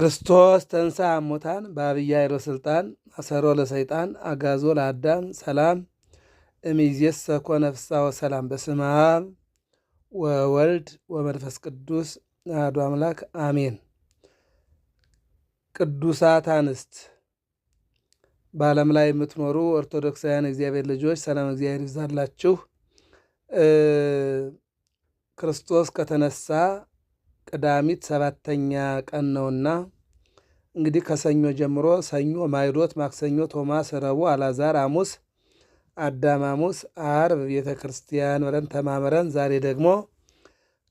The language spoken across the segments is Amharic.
ክርስቶስ ተንሳ አሞታን በአብይ ኃይሎ ስልጣን አሰሮ ለሰይጣን አጋዞ ለአዳም ሰላም እሚዜስ ሰኮነ ፍስሐ ወሰላም። በስመ አብ ወወልድ ወመንፈስ ቅዱስ አሐዱ አምላክ አሜን። ቅዱሳት አንስት በዓለም ላይ የምትኖሩ ኦርቶዶክሳውያን እግዚአብሔር ልጆች ሰላም እግዚአብሔር ይብዛላችሁ። ክርስቶስ ከተነሳ ቅዳሚት ሰባተኛ ቀን ነውና እንግዲህ ከሰኞ ጀምሮ ሰኞ ማይዶት፣ ማክሰኞ ቶማስ፣ ረቡዕ አላዛር፣ ሐሙስ አዳም፣ ሐሙስ አርብ ቤተ ክርስቲያን ብለን ተማምረን ዛሬ ደግሞ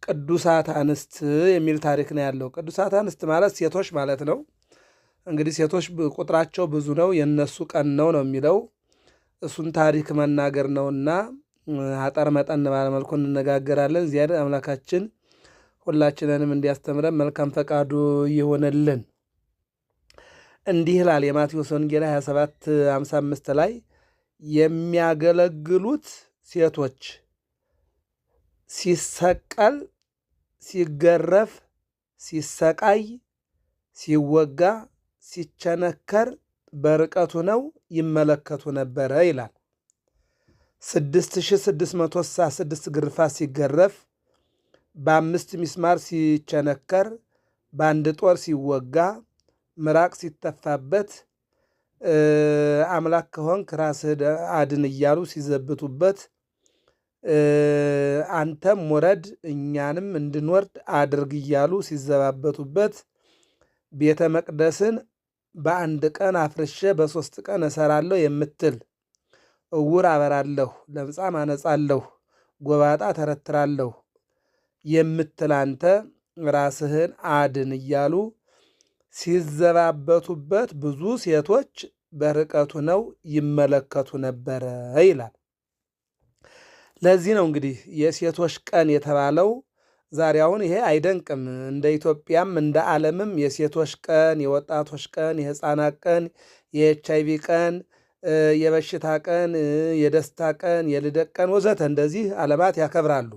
ቅዱሳት አንስት የሚል ታሪክ ነው ያለው። ቅዱሳት አንስት ማለት ሴቶች ማለት ነው። እንግዲህ ሴቶች ቁጥራቸው ብዙ ነው። የነሱ ቀን ነው ነው የሚለው እሱን ታሪክ መናገር ነውና አጠር መጠን ባለመልኩ እንነጋገራለን። እዚያ አምላካችን ሁላችንንም እንዲያስተምረን መልካም ፈቃዱ ይሆነልን። እንዲህ ይላል የማቴዎስ ወንጌል 27 55 ላይ የሚያገለግሉት ሴቶች ሲሰቀል፣ ሲገረፍ፣ ሲሰቃይ፣ ሲወጋ፣ ሲቸነከር በርቀቱ ነው ይመለከቱ ነበረ ይላል። 6666 ግርፋ ሲገረፍ በአምስት ሚስማር ሲቸነከር፣ በአንድ ጦር ሲወጋ፣ ምራቅ ሲተፋበት፣ አምላክ ከሆንክ ራስህ አድን እያሉ ሲዘብቱበት፣ አንተም ውረድ እኛንም እንድንወርድ አድርግ እያሉ ሲዘባበቱበት ቤተ መቅደስን በአንድ ቀን አፍርሼ በሶስት ቀን እሰራለሁ የምትል እውር አበራለሁ፣ ለምጻም አነጻለሁ፣ ጎባጣ ተረትራለሁ የምትላንተ ራስህን አድን እያሉ ሲዘባበቱበት ብዙ ሴቶች በርቀቱ ነው ይመለከቱ ነበረ ይላል። ለዚህ ነው እንግዲህ የሴቶች ቀን የተባለው። ዛሬ አሁን ይሄ አይደንቅም። እንደ ኢትዮጵያም እንደ ዓለምም የሴቶች ቀን፣ የወጣቶች ቀን፣ የህፃናት ቀን፣ የኤች አይቪ ቀን፣ የበሽታ ቀን፣ የደስታ ቀን፣ የልደት ቀን ወዘተ እንደዚህ ዓለማት ያከብራሉ።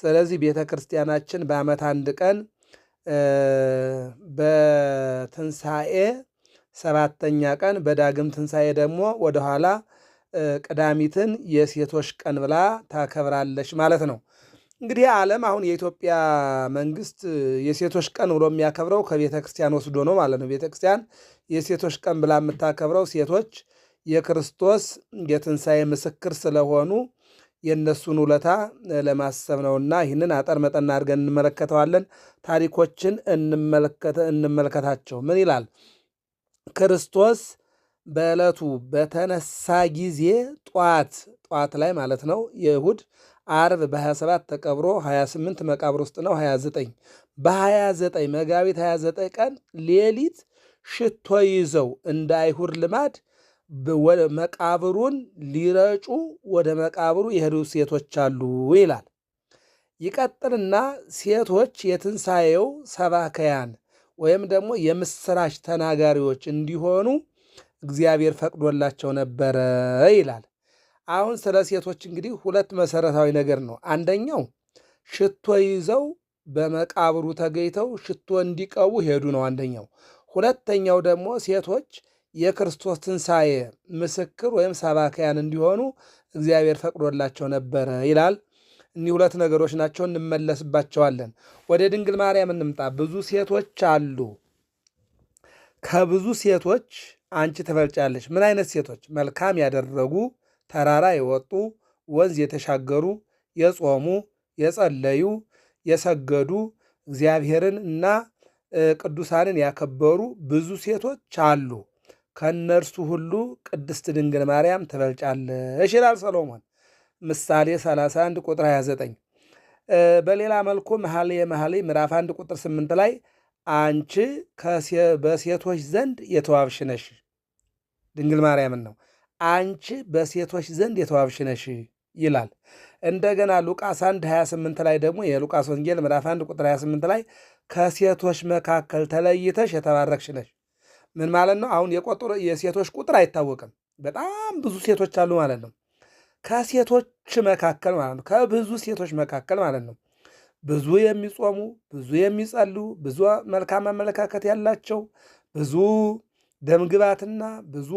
ስለዚህ ቤተ ክርስቲያናችን በዓመት አንድ ቀን በትንሣኤ ሰባተኛ ቀን በዳግም ትንሣኤ ደግሞ ወደኋላ ቅዳሚትን የሴቶች ቀን ብላ ታከብራለች ማለት ነው። እንግዲህ ዓለም አሁን የኢትዮጵያ መንግስት የሴቶች ቀን ብሎ የሚያከብረው ከቤተ ክርስቲያን ወስዶ ነው ማለት ነው። ቤተ ክርስቲያን የሴቶች ቀን ብላ የምታከብረው ሴቶች የክርስቶስ የትንሣኤ ምስክር ስለሆኑ የእነሱን ውለታ ለማሰብ ነውና ይህንን አጠር መጠን አድርገን እንመለከተዋለን። ታሪኮችን እንመለከታቸው። ምን ይላል? ክርስቶስ በዕለቱ በተነሳ ጊዜ ጠዋት ጠዋት ላይ ማለት ነው። የእሁድ አርብ በ27 ተቀብሮ 28 መቃብር ውስጥ ነው። 29 በ29 መጋቢት 29 ቀን ሌሊት ሽቶ ይዘው እንደ አይሁድ ልማድ መቃብሩን ሊረጩ ወደ መቃብሩ የሄዱ ሴቶች አሉ ይላል። ይቀጥልና ሴቶች የትንሣኤው ሰባከያን ወይም ደግሞ የምስራች ተናጋሪዎች እንዲሆኑ እግዚአብሔር ፈቅዶላቸው ነበረ ይላል። አሁን ስለ ሴቶች እንግዲህ ሁለት መሰረታዊ ነገር ነው። አንደኛው ሽቶ ይዘው በመቃብሩ ተገኝተው ሽቶ እንዲቀቡ ሄዱ ነው አንደኛው። ሁለተኛው ደግሞ ሴቶች የክርስቶስ ትንሣኤ ምስክር ወይም ሰባካያን እንዲሆኑ እግዚአብሔር ፈቅዶላቸው ነበረ ይላል። እኒህ ሁለት ነገሮች ናቸው፣ እንመለስባቸዋለን። ወደ ድንግል ማርያም እንምጣ። ብዙ ሴቶች አሉ። ከብዙ ሴቶች አንቺ ትበልጫለሽ። ምን አይነት ሴቶች? መልካም ያደረጉ፣ ተራራ የወጡ፣ ወንዝ የተሻገሩ፣ የጾሙ፣ የጸለዩ፣ የሰገዱ፣ እግዚአብሔርን እና ቅዱሳንን ያከበሩ ብዙ ሴቶች አሉ። ከእነርሱ ሁሉ ቅድስት ድንግል ማርያም ትበልጫለሽ ይላል ሰሎሞን ምሳሌ 31 ቁጥር 29። በሌላ መልኩ መሐሌ መሐሌ ምዕራፍ 1 ቁጥር 8 ላይ አንቺ በሴቶች ዘንድ የተዋብሽ ነሽ ድንግል ማርያምን ነው አንቺ በሴቶች ዘንድ የተዋብሽ ነሽ ይላል። እንደገና ሉቃስ 1 28 ላይ ደግሞ የሉቃስ ወንጌል ምዕራፍ 1 ቁጥር 28 ላይ ከሴቶች መካከል ተለይተሽ የተባረክሽ ነሽ ምን ማለት ነው? አሁን የቆጥሮ የሴቶች ቁጥር አይታወቅም። በጣም ብዙ ሴቶች አሉ ማለት ነው። ከሴቶች መካከል ማለት ነው። ከብዙ ሴቶች መካከል ማለት ነው። ብዙ የሚጾሙ፣ ብዙ የሚጸሉ፣ ብዙ መልካም አመለካከት ያላቸው፣ ብዙ ደምግባትና ብዙ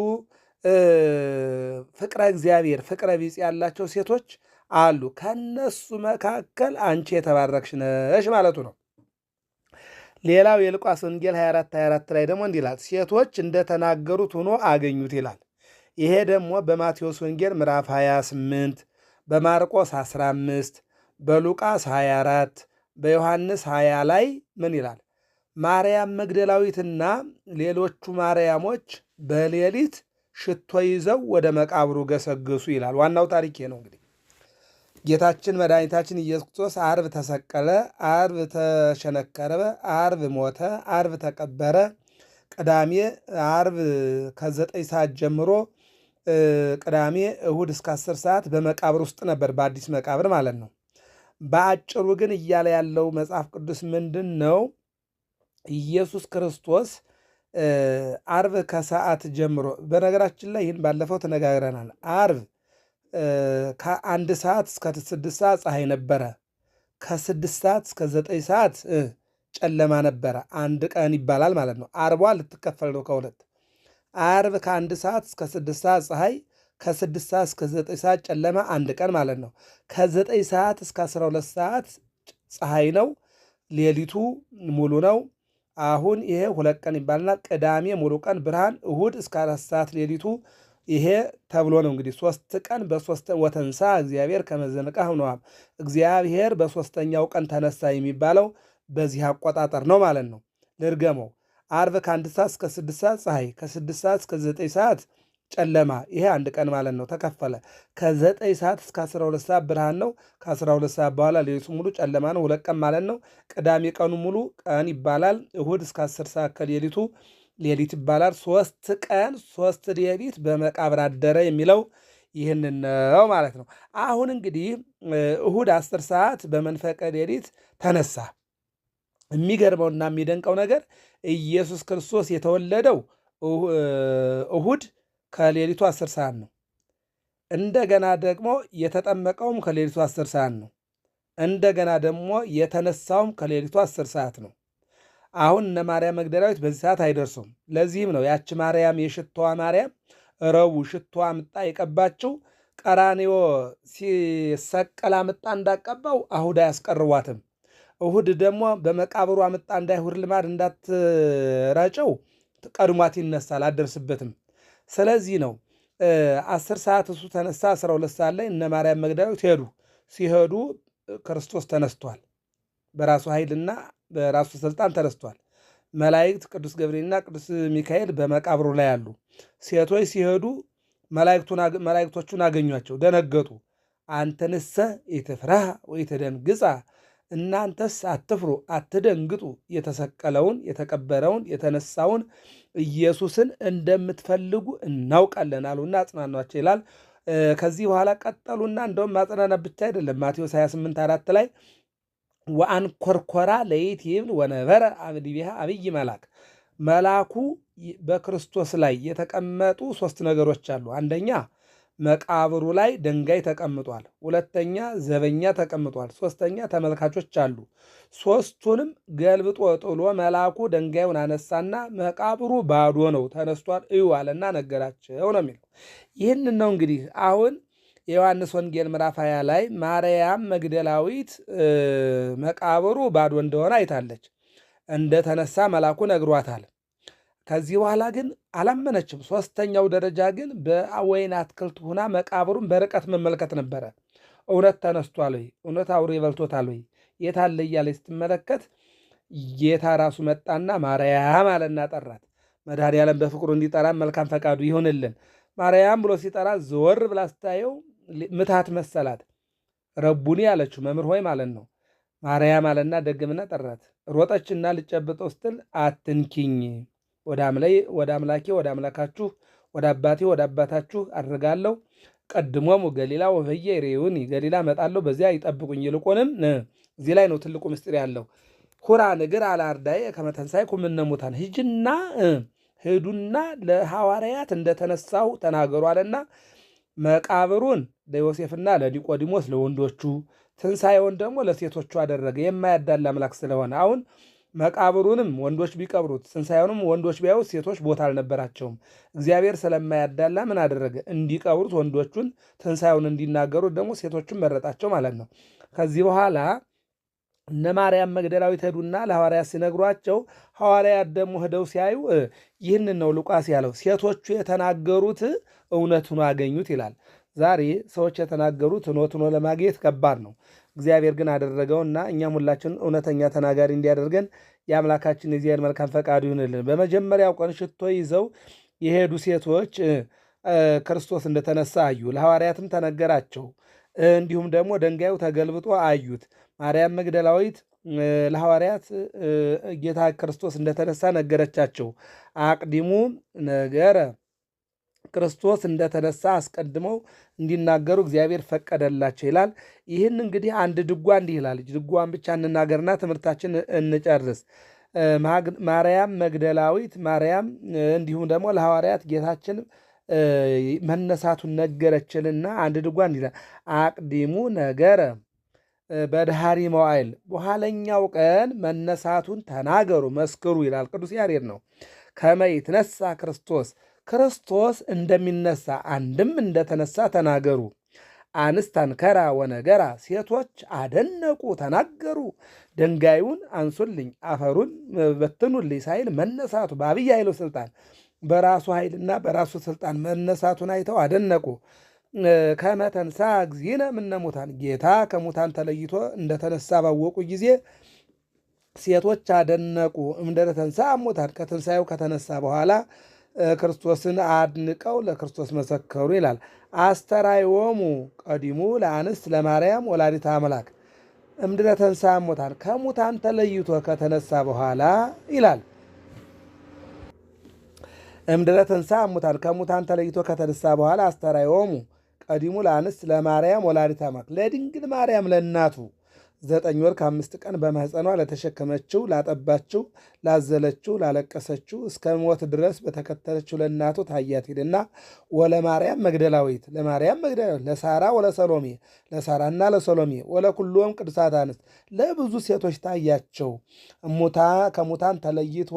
ፍቅረ እግዚአብሔር ፍቅረ ቢጽ ያላቸው ሴቶች አሉ። ከነሱ መካከል አንቺ የተባረክሽ ነሽ ማለቱ ነው። ሌላው የሉቃስ ወንጌል 24 24 ላይ ደግሞ እንዲህ ይላል፣ ሴቶች እንደተናገሩት ሆኖ አገኙት ይላል። ይሄ ደግሞ በማቴዎስ ወንጌል ምዕራፍ 28 በማርቆስ 15 በሉቃስ 24 በዮሐንስ 20 ላይ ምን ይላል? ማርያም መግደላዊትና ሌሎቹ ማርያሞች በሌሊት ሽቶ ይዘው ወደ መቃብሩ ገሰገሱ ይላል። ዋናው ታሪክ ነው እንግዲህ ጌታችን መድኃኒታችን ኢየሱስ ክርስቶስ አርብ ተሰቀለ፣ አርብ ተሸነከረ፣ አርብ ሞተ፣ አርብ ተቀበረ። ቅዳሜ አርብ ከዘጠኝ ሰዓት ጀምሮ ቅዳሜ እሁድ እስከ አስር ሰዓት በመቃብር ውስጥ ነበር፣ በአዲስ መቃብር ማለት ነው። በአጭሩ ግን እያለ ያለው መጽሐፍ ቅዱስ ምንድን ነው? ኢየሱስ ክርስቶስ አርብ ከሰዓት ጀምሮ በነገራችን ላይ ይህን ባለፈው ተነጋግረናል። አርብ ከአንድ ሰዓት እስከ ስድስት ሰዓት ፀሐይ ነበረ። ከስድስት ሰዓት እስከ ዘጠኝ ሰዓት ጨለማ ነበረ። አንድ ቀን ይባላል ማለት ነው። አርቧ ልትከፈል ነው ከሁለት አርብ ከአንድ ሰዓት እስከ ስድስት ሰዓት ፀሐይ፣ ከስድስት ሰዓት እስከ ዘጠኝ ሰዓት ጨለማ አንድ ቀን ማለት ነው። ከዘጠኝ ሰዓት እስከ አስራ ሁለት ሰዓት ፀሐይ ነው። ሌሊቱ ሙሉ ነው። አሁን ይሄ ሁለት ቀን ይባልና ቅዳሜ ሙሉ ቀን ብርሃን፣ እሁድ እስከ አራት ሰዓት ሌሊቱ ይሄ ተብሎ ነው እንግዲህ ሶስት ቀን በሶስተ ወተንሳ እግዚአብሔር ከመዘነቃ ነዋብ እግዚአብሔር በሶስተኛው ቀን ተነሳ የሚባለው በዚህ አቆጣጠር ነው ማለት ነው። ልርገመው። አርብ ከአንድ ሰዓት እስከ ስድስት ሰዓት ፀሐይ፣ ከስድስት ሰዓት እስከ ዘጠኝ ሰዓት ጨለማ። ይሄ አንድ ቀን ማለት ነው ተከፈለ። ከዘጠኝ ሰዓት እስከ አስራ ሁለት ሰዓት ብርሃን ነው። ከአስራ ሁለት ሰዓት በኋላ ሌሊቱ ሙሉ ጨለማ ነው። ሁለት ቀን ማለት ነው። ቅዳሜ ቀኑ ሙሉ ቀን ይባላል። እሁድ እስከ አስር ሰዓት ከሌሊቱ ሌሊት ይባላል። ሶስት ቀን ሶስት ሌሊት በመቃብር አደረ የሚለው ይህንን ነው ማለት ነው። አሁን እንግዲህ እሁድ አስር ሰዓት በመንፈቀ ሌሊት ተነሳ። የሚገርመውና የሚደንቀው ነገር ኢየሱስ ክርስቶስ የተወለደው እሁድ ከሌሊቱ አስር ሰዓት ነው። እንደገና ደግሞ የተጠመቀውም ከሌሊቱ አስር ሰዓት ነው። እንደገና ደግሞ የተነሳውም ከሌሊቱ አስር ሰዓት ነው። አሁን እነ ማርያም መግደላዊት በዚህ ሰዓት አይደርሱም። ለዚህም ነው ያቺ ማርያም የሽቶዋ ማርያም ረቡ ሽቶ አምጣ የቀባችው ቀራንዮ ሲሰቀል አምጣ እንዳቀባው አሁድ አያስቀርዋትም። እሁድ ደግሞ በመቃብሩ አምጣ እንዳይሁድ ልማድ እንዳትረጨው ቀድሟት ይነሳል፣ አደርስበትም። ስለዚህ ነው አስር ሰዓት እሱ ተነሳ፣ አስራ ሁለት ሰዓት ላይ እነ ማርያም መግደላዊት ሄዱ። ሲሄዱ ክርስቶስ ተነስቷል በራሱ ኃይልና በራሱ ስልጣን ተነስቷል። መላእክት ቅዱስ ገብርኤልና ቅዱስ ሚካኤል በመቃብሩ ላይ አሉ። ሴቶች ሲሄዱ መላእክቶቹን አገኟቸው፣ ደነገጡ። አንተንሰ ኢትፍራህ ወኢትደንግጻ፣ እናንተስ አትፍሩ አትደንግጡ፣ የተሰቀለውን የተቀበረውን የተነሳውን ኢየሱስን እንደምትፈልጉ እናውቃለን አሉና አጽናኗቸው ይላል። ከዚህ በኋላ ቀጠሉና እንደውም ማጽናናት ብቻ አይደለም። ማቴዎስ 28 አራት ላይ ለይት ለይእቲ ወነበረ አብዲቢሃ አብይ መልአክ መልአኩ በክርስቶስ ላይ የተቀመጡ ሶስት ነገሮች አሉ። አንደኛ መቃብሩ ላይ ድንጋይ ተቀምጧል። ሁለተኛ ዘበኛ ተቀምጧል። ሶስተኛ ተመልካቾች አሉ። ሶስቱንም ገልብጦ ጥሎ መልአኩ ድንጋዩን አነሳና መቃብሩ ባዶ ነው፣ ተነስቷል፣ እዩ አለና ነገራቸው ነው የሚለው። ይህን ነው እንግዲህ አሁን የዮሐንስ ወንጌል ምዕራፍ 20 ላይ ማርያም መግደላዊት መቃብሩ ባዶ እንደሆነ አይታለች። እንደተነሳ መልአኩ ነግሯታል። ከዚህ በኋላ ግን አላመነችም። ሶስተኛው ደረጃ ግን በወይን አትክልት ሁና መቃብሩን በርቀት መመልከት ነበረ። እውነት ተነስቷል ወይ? እውነት አውሬ በልቶታል ወይ? የታለ እያለች ስትመለከት ጌታ ራሱ መጣና ማርያም አለና ጠራት። መድኃኔ በፍቅሩ እንዲጠራ መልካም ፈቃዱ ይሁንልን። ማርያም ብሎ ሲጠራ ዘወር ብላ ስታየው ምታት መሰላት። ረቡኒ አለችው መምህር ሆይ ማለት ነው። ማርያም አለና ደግምና ጠራት። ሮጠችና ልጨብጠው ስትል አትንኪኝ፣ ወደ አምላኬ ወደ አምላካችሁ ወደ አባቴ ወደ አባታችሁ አድርጋለሁ። ቀድሞም ገሊላ ወፈየ ይሬዩኒ፣ ገሊላ እመጣለሁ በዚያ ይጠብቁኝ። ይልቁንም እዚህ ላይ ነው ትልቁ ምስጢር ያለው ሁራ ንግር አላርዳይ ከመተንሳይ ኩምነሙታን ሂጅና ሂዱና ለሐዋርያት እንደተነሳው ተናገሩ አለና መቃብሩን ለዮሴፍና ለኒቆዲሞስ ለወንዶቹ ትንሣኤውን ደግሞ ለሴቶቹ አደረገ። የማያዳል አምላክ ስለሆነ አሁን መቃብሩንም ወንዶች ቢቀብሩት ትንሣኤውንም ወንዶች ቢያዩት ሴቶች ቦታ አልነበራቸውም። እግዚአብሔር ስለማያዳላ ምን አደረገ? እንዲቀብሩት ወንዶቹን፣ ትንሣኤውን እንዲናገሩት ደግሞ ሴቶቹን መረጣቸው ማለት ነው። ከዚህ በኋላ እነ ማርያም መግደላዊት ሄዱና ለሐዋርያት ሲነግሯቸው ሐዋርያት ደግሞ ሄደው ሲያዩ ይህንን ነው ሉቃስ ያለው ሴቶቹ የተናገሩት እውነቱን አገኙት ይላል። ዛሬ ሰዎች የተናገሩት ሆኖ ሆኖ ለማግኘት ከባድ ነው። እግዚአብሔር ግን አደረገውና እኛም ሁላችን እውነተኛ ተናጋሪ እንዲያደርገን የአምላካችን የእግዚአብሔር መልካም ፈቃዱ ይሁንልን። በመጀመሪያው ቀን ሽቶ ይዘው የሄዱ ሴቶች ክርስቶስ እንደተነሳ አዩ። ለሐዋርያትም ተነገራቸው። እንዲሁም ደግሞ ድንጋዩ ተገልብጦ አዩት። ማርያም መግደላዊት ለሐዋርያት ጌታ ክርስቶስ እንደተነሳ ነገረቻቸው። አቅዲሙ ነገረ ክርስቶስ እንደተነሳ አስቀድመው እንዲናገሩ እግዚአብሔር ፈቀደላቸው ይላል። ይህን እንግዲህ አንድ ድጓ እንዲህ ይላል። ድጓን ብቻ እንናገርና ትምህርታችን እንጨርስ። ማርያም መግደላዊት ማርያም እንዲሁም ደግሞ ለሐዋርያት ጌታችን መነሳቱን ነገረችንና አንድ ድጓ እንዲህ ይላል። አቅዲሙ ነገረ በድሃሪ መዋይል በኋለኛው ቀን መነሳቱን ተናገሩ መስክሩ ይላል ቅዱስ ያሬድ ነው። ከመ ይትነሣ ክርስቶስ ክርስቶስ እንደሚነሳ አንድም እንደተነሳ ተናገሩ። አንስት አንከራ ወነገራ፣ ሴቶች አደነቁ ተናገሩ። ድንጋዩን አንሱልኝ አፈሩን በትኑልኝ ሳይል መነሳቱ በአብይ ኃይሉ ስልጣን በራሱ ኃይልና በራሱ ስልጣን መነሳቱን አይተው አደነቁ። ከመተንሳ እግዚእነ እምነ ሙታን ጌታ ከሙታን ተለይቶ እንደተነሳ ባወቁ ጊዜ ሴቶች አደነቁ። እምደረተንሳ ሙታን ከትንሣኤው ከተነሳ በኋላ ክርስቶስን አድንቀው ለክርስቶስ መሰከሩ ይላል። አስተራይወሙ ቀዲሙ ለአንስት ለማርያም ወላዲት አምላክ እምድረ ተንሳ እሙታን ከሙታን ተለይቶ ከተነሳ በኋላ ይላል። እምድረ ተንሳ ሙታን ከሙታን ተለይቶ ከተነሳ በኋላ አስተራይወሙ ቀዲሙ ለአንስት ለማርያም ወላዲት አምላክ ለድንግል ማርያም ለእናቱ ዘጠኝ ወር ከአምስት ቀን በማኅፀኗ ለተሸከመችው ላጠባችው፣ ላዘለችው፣ ላለቀሰችው እስከ ሞት ድረስ በተከተለችው ለእናቱ ታያት ሂድና ወለማርያም መግደላዊት ለማርያም መግደላዊት ለሳራ ወለሰሎሜ ለሳራና ለሰሎሜ ወለኩሎም ቅዱሳት አንስት ለብዙ ሴቶች ታያቸው። ሙታ ከሙታን ተለይቶ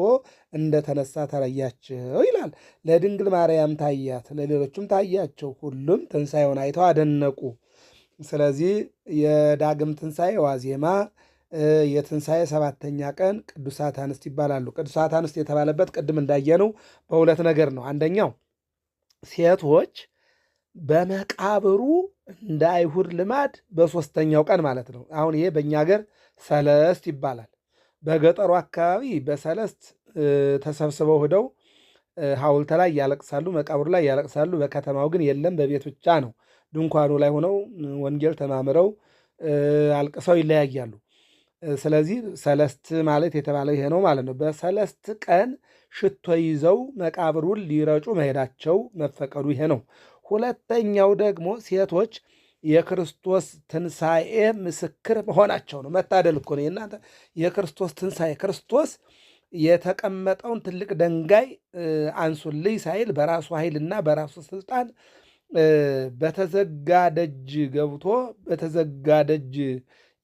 እንደተነሳ ተለያቸው ይላል። ለድንግል ማርያም ታያት፣ ለሌሎችም ታያቸው። ሁሉም ትንሣኤውን አይተው አደነቁ። ስለዚህ የዳግም ትንሣኤ ዋዜማ የትንሣኤ ሰባተኛ ቀን ቅዱሳት አንስት ይባላሉ። ቅዱሳት አንስት የተባለበት ቅድም እንዳየነው በሁለት ነገር ነው። አንደኛው ሴቶች በመቃብሩ እንደ አይሁድ ልማድ በሶስተኛው ቀን ማለት ነው። አሁን ይሄ በእኛ ሀገር ሰለስት ይባላል። በገጠሩ አካባቢ በሰለስት ተሰብስበው ሂደው ሐውልት ላይ ያለቅሳሉ፣ መቃብሩ ላይ ያለቅሳሉ። በከተማው ግን የለም፣ በቤት ብቻ ነው ድንኳኑ ላይ ሆነው ወንጌል ተማምረው አልቅሰው ይለያያሉ። ስለዚህ ሰለስት ማለት የተባለው ይሄ ነው ማለት ነው። በሰለስት ቀን ሽቶ ይዘው መቃብሩን ሊረጩ መሄዳቸው መፈቀዱ ይሄ ነው። ሁለተኛው ደግሞ ሴቶች የክርስቶስ ትንሣኤ ምስክር መሆናቸው ነው። መታደል እኮ ነው የእናንተ የክርስቶስ ትንሣኤ ክርስቶስ የተቀመጠውን ትልቅ ድንጋይ አንሱልኝ ሳይል በራሱ ኃይልና በራሱ ስልጣን በተዘጋ ደጅ ገብቶ በተዘጋ ደጅ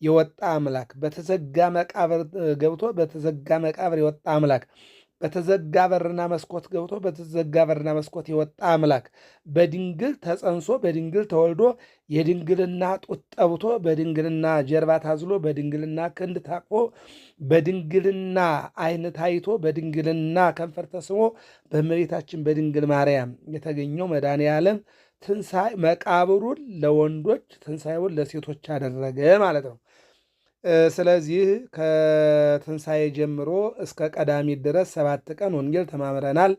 የወጣ አምላክ፣ በተዘጋ መቃብር ገብቶ በተዘጋ መቃብር የወጣ አምላክ፣ በተዘጋ በርና መስኮት ገብቶ በተዘጋ በርና መስኮት የወጣ አምላክ፣ በድንግል ተጸንሶ በድንግል ተወልዶ የድንግልና ጡት ጠብቶ በድንግልና ጀርባ ታዝሎ በድንግልና ክንድ ታቅፎ በድንግልና ዓይን ታይቶ በድንግልና ከንፈር ተስሞ በእመቤታችን በድንግል ማርያም የተገኘው መድኃኔ ዓለም ትንሣኤ መቃብሩን ለወንዶች ትንሣኤውን ለሴቶች አደረገ ማለት ነው። ስለዚህ ከትንሣኤ ጀምሮ እስከ ቀዳሚ ድረስ ሰባት ቀን ወንጌል ተማምረናል።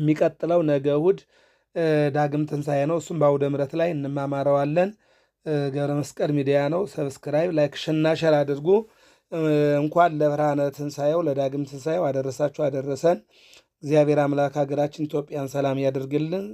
የሚቀጥለው ነገ እሑድ ዳግም ትንሣኤ ነው። እሱም በአውደ ምረት ላይ እንማማረዋለን። ገብረ መስቀል ሚዲያ ነው። ሰብስክራይብ፣ ላይክ፣ ሽናሸር አድርጉ። እንኳን ለብርሃነ ትንሣኤው ለዳግም ትንሣኤው አደረሳችሁ አደረሰን። እግዚአብሔር አምላክ ሀገራችን ኢትዮጵያን ሰላም ያደርግልን።